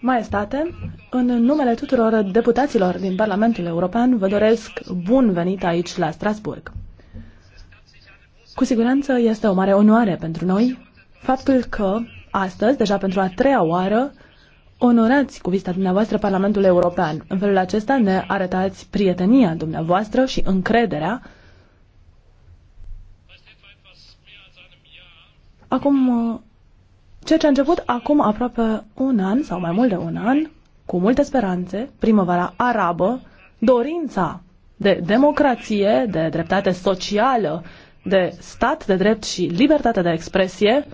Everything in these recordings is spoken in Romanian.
Maestate. în numele tuturor deputaților din Parlamentul European, vă doresc bun venit aici la Strasburg. Cu siguranță este o mare onoare pentru noi faptul că astăzi, deja pentru a treia oară, onorați cu vizita dumneavoastră Parlamentul European. În felul acesta ne arătați prietenia dumneavoastră și încrederea Acum Ceea ce a început acum aproape un an sau mai mult de un an, cu multe speranțe, primăvara arabă, dorința de democrație, de dreptate socială, de stat de drept și libertate de expresie,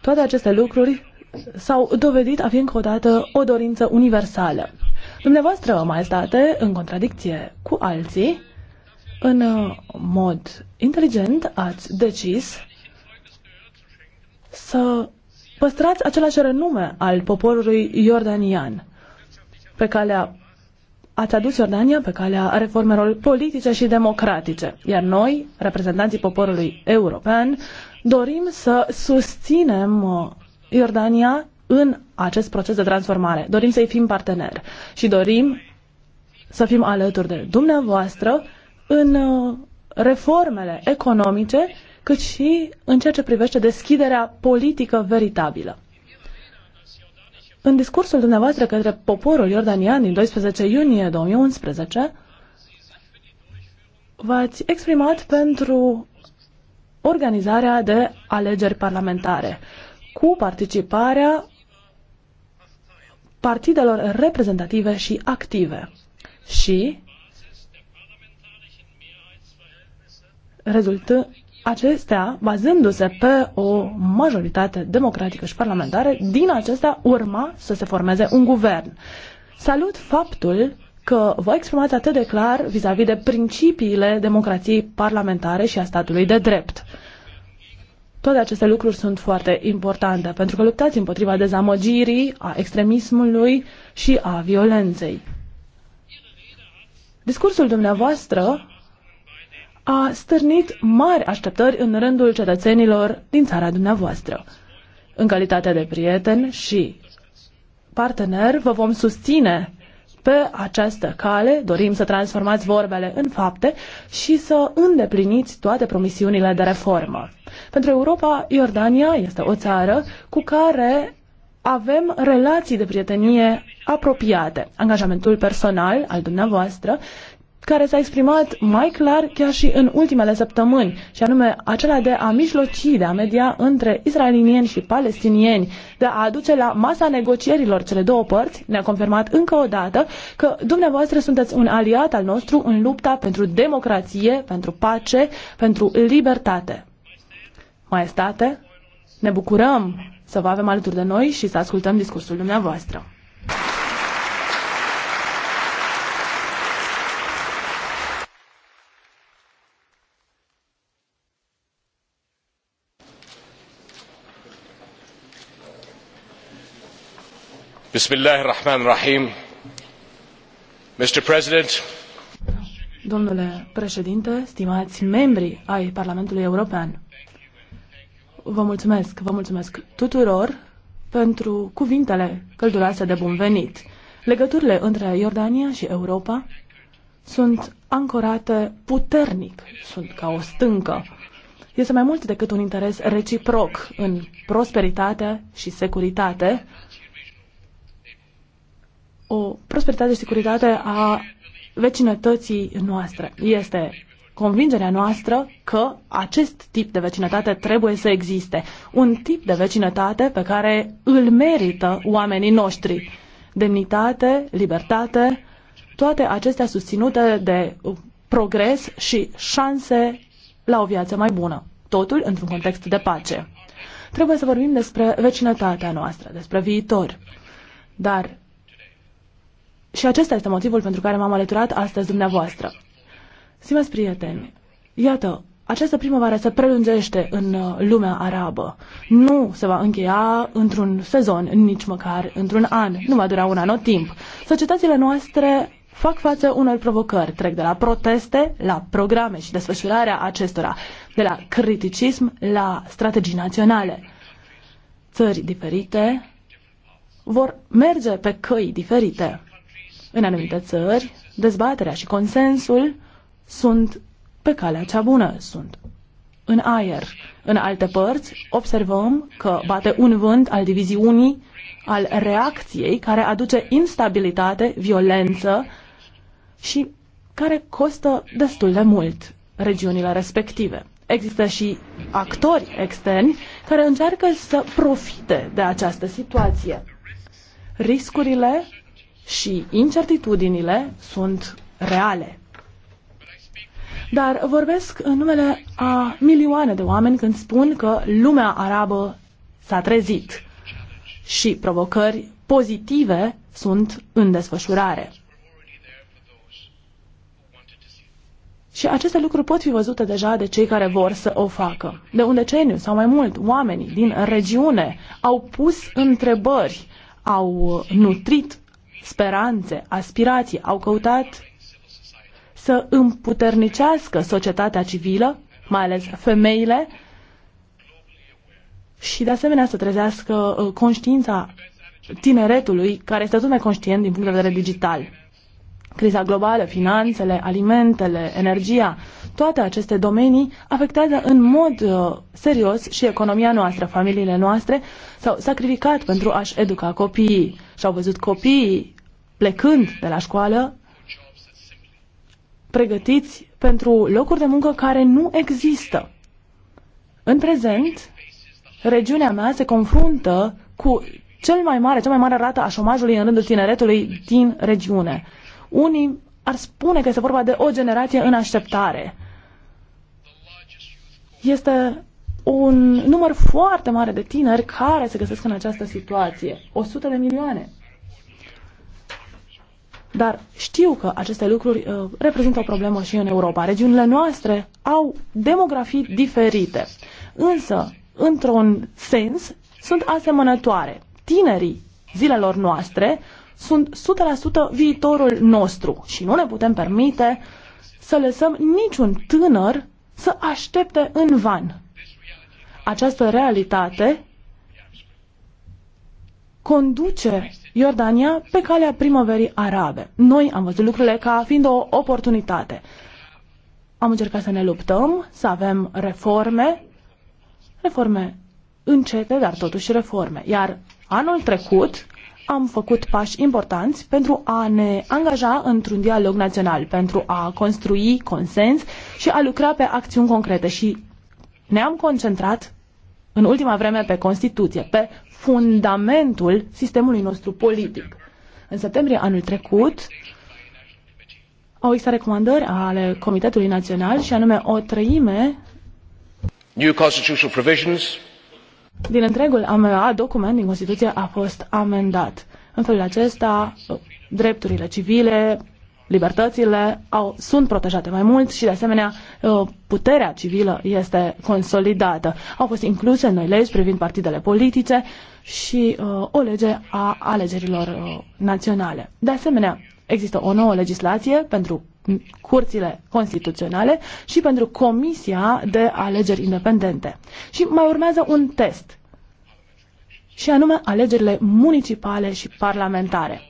toate aceste lucruri s-au dovedit a fi încă o dată o dorință universală. Dumneavoastră, maestate, în contradicție cu alții, în mod inteligent ați decis să păstrați același renume al poporului iordanian pe calea ați adus Iordania pe calea reformelor politice și democratice, iar noi, reprezentanții poporului european, dorim să susținem uh, Iordania în acest proces de transformare. Dorim să-i fim partener și dorim să fim alături de dumneavoastră în uh, reformele economice cât și în ceea ce privește deschiderea politică veritabilă. În discursul dumneavoastră către poporul iordanian din 12 iunie 2011, v-ați exprimat pentru organizarea de alegeri parlamentare cu participarea partidelor reprezentative și active și rezultă, acestea, bazându-se pe o majoritate democratică și parlamentară, din acestea urma să se formeze un guvern. Salut faptul că vă exprimați atât de clar vis-a-vis -vis de principiile democrației parlamentare și a statului de drept. Toate aceste lucruri sunt foarte importante, pentru că luptați împotriva dezamăgirii, a extremismului și a violenței. Discursul dumneavoastră a stârnit mari așteptări în rândul cetățenilor din țara dumneavoastră. În calitate de prieten și partener, vă vom susține pe această cale, dorim să transformați vorbele în fapte și să îndepliniți toate promisiunile de reformă. Pentru Europa, Iordania este o țară cu care avem relații de prietenie apropiate. Angajamentul personal al dumneavoastră care s-a exprimat mai clar chiar și în ultimele săptămâni, și anume acela de a mijloci, de a media între israelinieni și palestinieni, de a aduce la masa negocierilor cele două părți, ne-a confirmat încă o dată că dumneavoastră sunteți un aliat al nostru în lupta pentru democrație, pentru pace, pentru libertate. Maestate, ne bucurăm să vă avem alături de noi și să ascultăm discursul dumneavoastră. Bismillah rahman rahim. Mr. President. Domnule președinte, stimați membri ai Parlamentului European, vă mulțumesc, vă mulțumesc tuturor pentru cuvintele călduroase de bun venit. Legăturile între Iordania și Europa sunt ancorate puternic, sunt ca o stâncă. Este mai mult decât un interes reciproc în prosperitate și securitate, o prosperitate și securitate a vecinătății noastre. Este convingerea noastră că acest tip de vecinătate trebuie să existe. Un tip de vecinătate pe care îl merită oamenii noștri. Demnitate, libertate, toate acestea susținute de progres și șanse la o viață mai bună. Totul într-un context de pace. Trebuie să vorbim despre vecinătatea noastră, despre viitor. Dar și acesta este motivul pentru care m-am alăturat astăzi dumneavoastră. Stimați prieteni, iată, această primăvară se prelungește în uh, lumea arabă. Nu se va încheia într-un sezon, nici măcar într-un an. Nu va dura un anot timp. Societățile noastre fac față unor provocări. Trec de la proteste la programe și desfășurarea acestora, de la criticism la strategii naționale. Țări diferite vor merge pe căi diferite. În anumite țări, dezbaterea și consensul sunt pe calea cea bună, sunt în aer. În alte părți, observăm că bate un vânt al diviziunii, al reacției, care aduce instabilitate, violență și care costă destul de mult regiunile respective. Există și actori externi care încearcă să profite de această situație. Riscurile și incertitudinile sunt reale. Dar vorbesc în numele a milioane de oameni când spun că lumea arabă s-a trezit și provocări pozitive sunt în desfășurare. Și aceste lucruri pot fi văzute deja de cei care vor să o facă. De un deceniu sau mai mult, oamenii din regiune au pus întrebări, au nutrit speranțe, aspirații, au căutat să împuternicească societatea civilă, mai ales femeile, și de asemenea să trezească uh, conștiința tineretului care este tot mai conștient din punct de vedere digital. Criza globală, finanțele, alimentele, energia, toate aceste domenii afectează în mod uh, serios și economia noastră. Familiile noastre s-au sacrificat pentru a-și educa copiii și au văzut copiii plecând de la școală pregătiți pentru locuri de muncă care nu există. În prezent, regiunea mea se confruntă cu cel mai mare, cea mai mare rată a șomajului în rândul tineretului din regiune. Unii ar spune că este vorba de o generație în așteptare. Este un număr foarte mare de tineri care se găsesc în această situație. 100 de milioane. Dar știu că aceste lucruri uh, reprezintă o problemă și în Europa. Regiunile noastre au demografii diferite. Însă, într-un sens, sunt asemănătoare. Tinerii zilelor noastre sunt 100% viitorul nostru și nu ne putem permite să lăsăm niciun tânăr să aștepte în van. Această realitate conduce Iordania pe calea primăverii arabe. Noi am văzut lucrurile ca fiind o oportunitate. Am încercat să ne luptăm, să avem reforme, reforme încete, dar totuși reforme. Iar anul trecut am făcut pași importanți pentru a ne angaja într-un dialog național, pentru a construi consens și a lucra pe acțiuni concrete și ne-am concentrat în ultima vreme pe Constituție, pe fundamentul sistemului nostru politic. În septembrie anul trecut au existat recomandări ale Comitetului Național și anume o treime New constitutional provisions din întregul AMA, document din Constituție a fost amendat. În felul acesta, drepturile civile, libertățile au, sunt protejate mai mult și, de asemenea, uh, puterea civilă este consolidată. Au fost incluse noi legi privind partidele politice și uh, o lege a alegerilor uh, naționale. De asemenea, există o nouă legislație pentru curțile constituționale și pentru Comisia de Alegeri Independente. Și mai urmează un test, și anume alegerile municipale și parlamentare.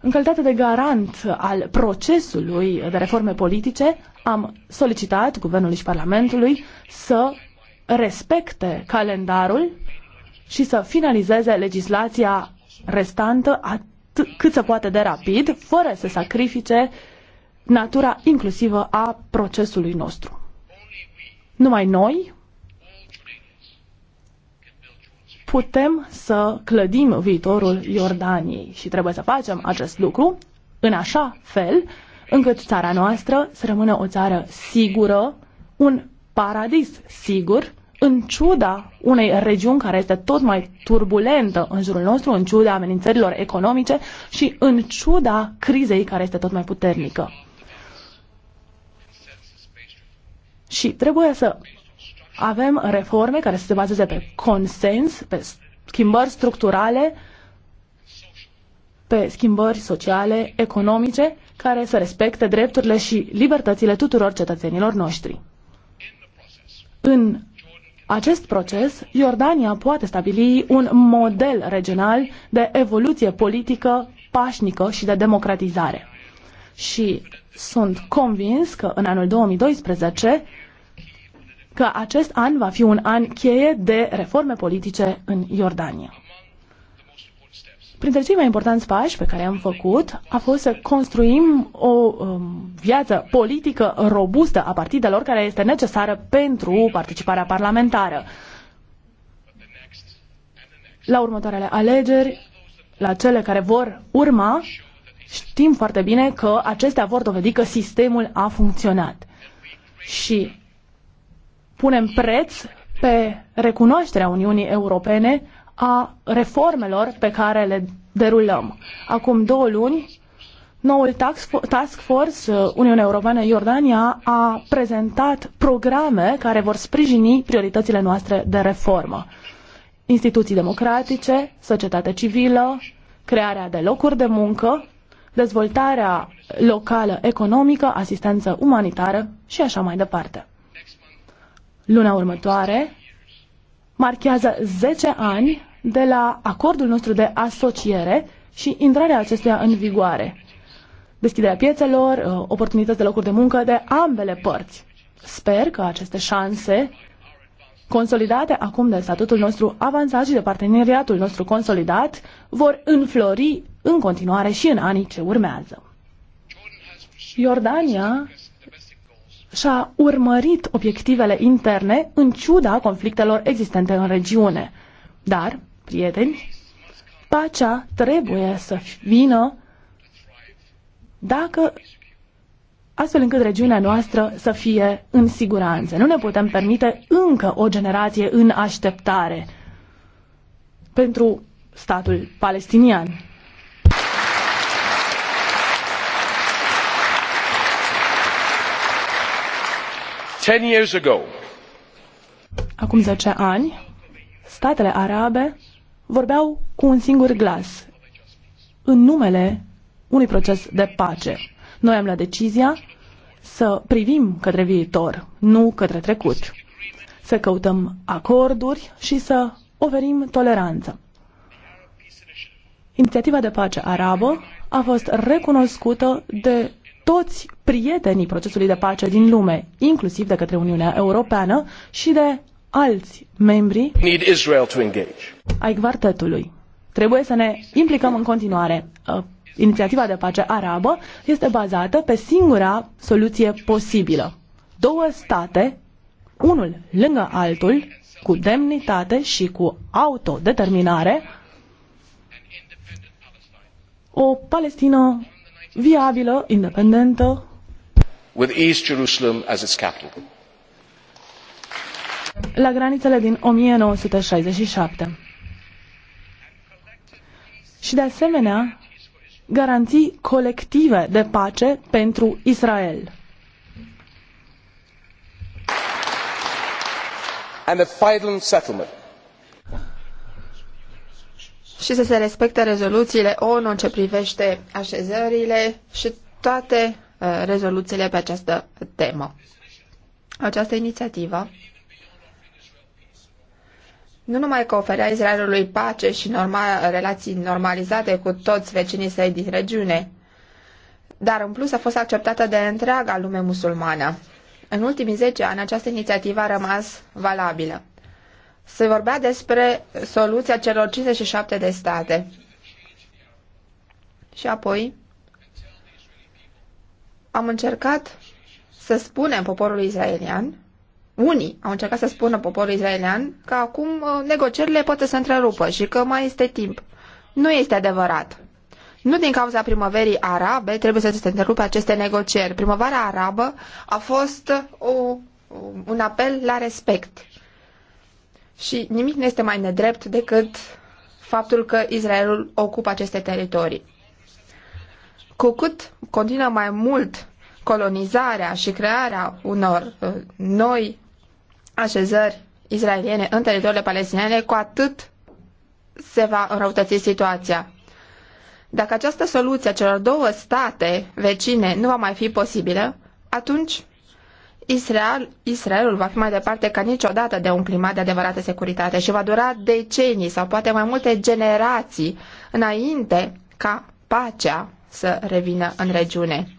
În calitate de garant al procesului de reforme politice, am solicitat Guvernului și Parlamentului să respecte calendarul și să finalizeze legislația restantă cât se poate de rapid, fără să sacrifice uh, natura inclusivă a procesului nostru. Numai noi putem să clădim viitorul Iordaniei și trebuie să facem acest lucru în așa fel încât țara noastră să rămână o țară sigură, un paradis sigur, în ciuda unei regiuni care este tot mai turbulentă în jurul nostru, în ciuda amenințărilor economice și în ciuda crizei care este tot mai puternică. Și trebuie să avem reforme care să se bazeze pe consens, pe schimbări structurale, pe schimbări sociale, economice, care să respecte drepturile și libertățile tuturor cetățenilor noștri. În acest proces, Iordania poate stabili un model regional de evoluție politică pașnică și de democratizare. Și sunt convins că în anul 2012 că acest an va fi un an cheie de reforme politice în Iordania. Printre cei mai importanți pași pe care am făcut a fost să construim o um, viață politică robustă a partidelor care este necesară pentru participarea parlamentară. La următoarele alegeri, la cele care vor urma, știm foarte bine că acestea vor dovedi că sistemul a funcționat. Și punem preț pe recunoașterea Uniunii Europene a reformelor pe care le derulăm. Acum două luni, noul Task Force uh, Uniunea Europeană-Iordania a prezentat programe care vor sprijini prioritățile noastre de reformă. Instituții democratice, societate civilă, crearea de locuri de muncă, dezvoltarea locală economică, asistență umanitară și așa mai departe luna următoare marchează 10 ani de la acordul nostru de asociere și intrarea acestuia în vigoare. Deschiderea piețelor, uh, oportunități de locuri de muncă de ambele părți. Sper că aceste șanse consolidate acum de statutul nostru avansat și de parteneriatul nostru consolidat, vor înflori în continuare și în anii ce urmează. Iordania și-a urmărit obiectivele interne în ciuda conflictelor existente în regiune. Dar, prieteni, pacea trebuie să vină dacă astfel încât regiunea noastră să fie în siguranță. Nu ne putem permite încă o generație în așteptare pentru statul palestinian. Acum 10 ani, statele arabe vorbeau cu un singur glas, în numele unui proces de pace. Noi am luat decizia să privim către viitor, nu către trecut, să căutăm acorduri și să oferim toleranță. Inițiativa de pace arabă a fost recunoscută de toți prietenii procesului de pace din lume, inclusiv de către Uniunea Europeană și de alți membri ai quartetului. Trebuie să ne implicăm în continuare. Uh, inițiativa de pace arabă este bazată pe singura soluție posibilă. Două state, unul lângă altul, cu demnitate și cu autodeterminare, o Palestină viabilă, independentă, with East Jerusalem as its capital. La granițele din 1967. Și de asemenea, garanții colective de pace pentru Israel. And a final settlement și să se respecte rezoluțiile ONU în ce privește așezările și toate Uh, rezoluțiile pe această temă. Această inițiativă nu numai că oferea Israelului pace și normal, relații normalizate cu toți vecinii săi din regiune, dar în plus a fost acceptată de întreaga lume musulmană. În ultimii 10 ani această inițiativă a rămas valabilă. Se vorbea despre soluția celor 57 de state. Și apoi am încercat să spunem poporului israelian, unii au încercat să spună poporului israelian că acum uh, negocierile pot să se întrerupă și că mai este timp. Nu este adevărat. Nu din cauza primăverii arabe trebuie să se întrerupe aceste negocieri. Primăvara arabă a fost o, uh, uh, un apel la respect. Și nimic nu este mai nedrept decât faptul că Israelul ocupă aceste teritorii. Cu cât continuă mai mult colonizarea și crearea unor uh, noi așezări israeliene în teritoriile palestiniene, cu atât se va înrăutăți situația. Dacă această soluție a celor două state vecine nu va mai fi posibilă, atunci Israel, Israelul va fi mai departe ca niciodată de un climat de adevărată securitate și va dura decenii sau poate mai multe generații înainte ca pacea să revină în regiune.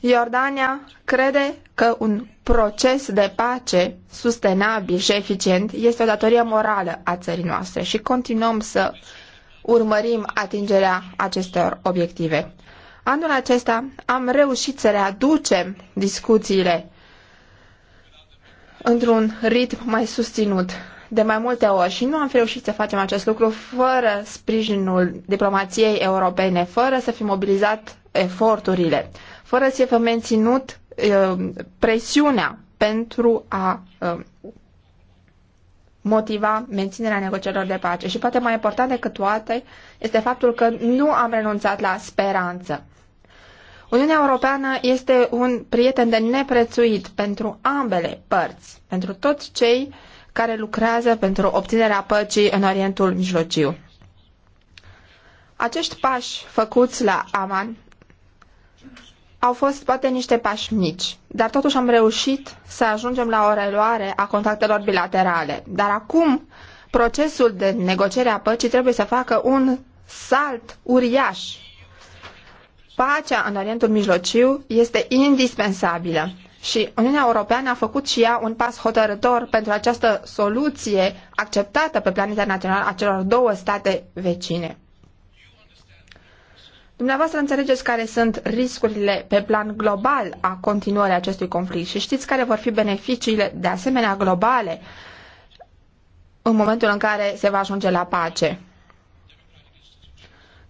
Iordania crede că un proces de pace sustenabil și eficient este o datorie morală a țării noastre și continuăm să urmărim atingerea acestor obiective. Anul acesta am reușit să readucem discuțiile într-un ritm mai susținut de mai multe ori și nu am reușit să facem acest lucru fără sprijinul diplomației europene, fără să fi mobilizat eforturile, fără să fi menținut uh, presiunea pentru a uh, motiva menținerea negocierilor de pace. Și poate mai important decât toate este faptul că nu am renunțat la speranță. Uniunea Europeană este un prieten de neprețuit pentru ambele părți, pentru toți cei care lucrează pentru obținerea păcii în Orientul Mijlociu. Acești pași făcuți la Aman au fost poate niște pași mici, dar totuși am reușit să ajungem la o reluare a contactelor bilaterale. Dar acum procesul de negociere a păcii trebuie să facă un salt uriaș. Pacea în Orientul Mijlociu este indispensabilă și Uniunea Europeană a făcut și ea un pas hotărător pentru această soluție acceptată pe plan internațional a celor două state vecine. Dumneavoastră înțelegeți care sunt riscurile pe plan global a continuării acestui conflict și știți care vor fi beneficiile de asemenea globale în momentul în care se va ajunge la pace.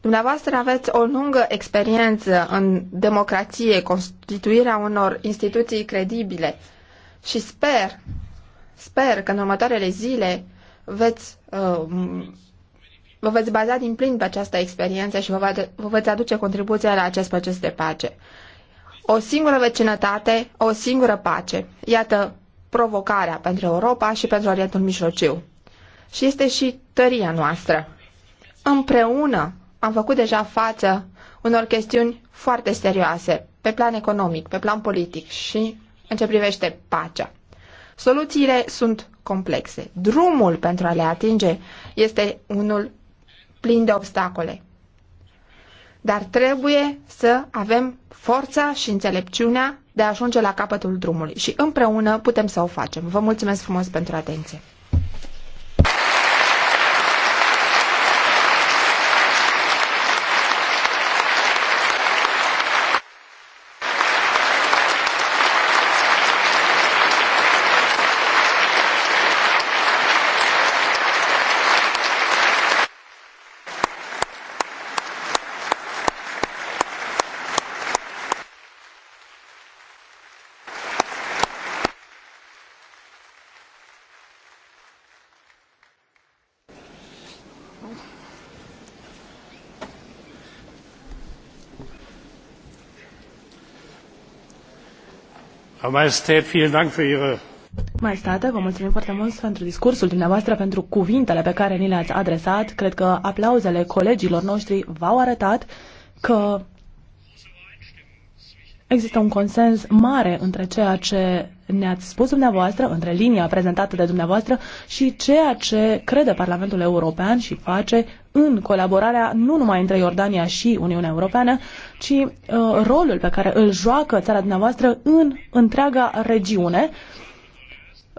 Dumneavoastră aveți o lungă experiență în democrație, constituirea unor instituții credibile și sper, sper că în următoarele zile veți, uh, vă veți baza din plin pe această experiență și vă, va, vă veți aduce contribuția la acest proces de pace. O singură vecinătate, o singură pace. Iată provocarea pentru Europa și pentru Orientul Mijlociu. Și este și tăria noastră. Împreună am făcut deja față unor chestiuni foarte serioase, pe plan economic, pe plan politic și în ce privește pacea. Soluțiile sunt complexe. Drumul pentru a le atinge este unul plin de obstacole. Dar trebuie să avem forța și înțelepciunea de a ajunge la capătul drumului și împreună putem să o facem. Vă mulțumesc frumos pentru atenție. Maestate, vă mulțumim foarte mult pentru discursul dumneavoastră, pentru cuvintele pe care ni le-ați adresat. Cred că aplauzele colegilor noștri v-au arătat că Există un consens mare între ceea ce ne-ați spus dumneavoastră, între linia prezentată de dumneavoastră și ceea ce crede Parlamentul European și face în colaborarea nu numai între Iordania și Uniunea Europeană, ci uh, rolul pe care îl joacă țara dumneavoastră în întreaga regiune. Uh,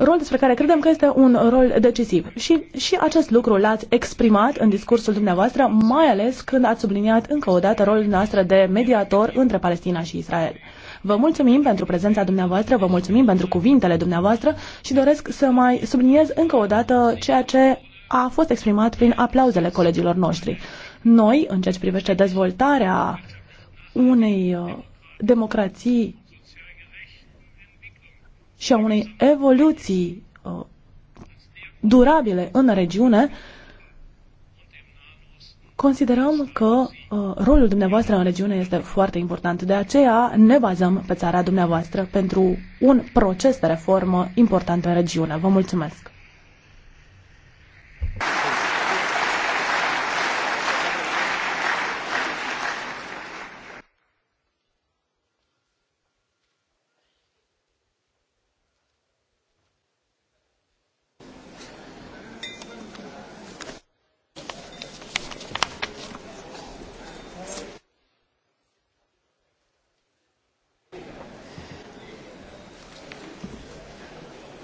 rol despre care credem că este un rol decisiv. Și, și acest lucru l-ați exprimat în discursul dumneavoastră, mai ales când ați subliniat încă o dată rolul noastră de mediator între Palestina și Israel. Vă mulțumim pentru prezența dumneavoastră, vă mulțumim pentru cuvintele dumneavoastră și doresc să mai subliniez încă o dată ceea ce a fost exprimat prin aplauzele colegilor noștri. Noi, în ceea ce privește dezvoltarea unei uh, democrații și a unei evoluții uh, durabile în regiune, considerăm că uh, rolul dumneavoastră în regiune este foarte important. De aceea ne bazăm pe țara dumneavoastră pentru un proces de reformă important în regiune. Vă mulțumesc!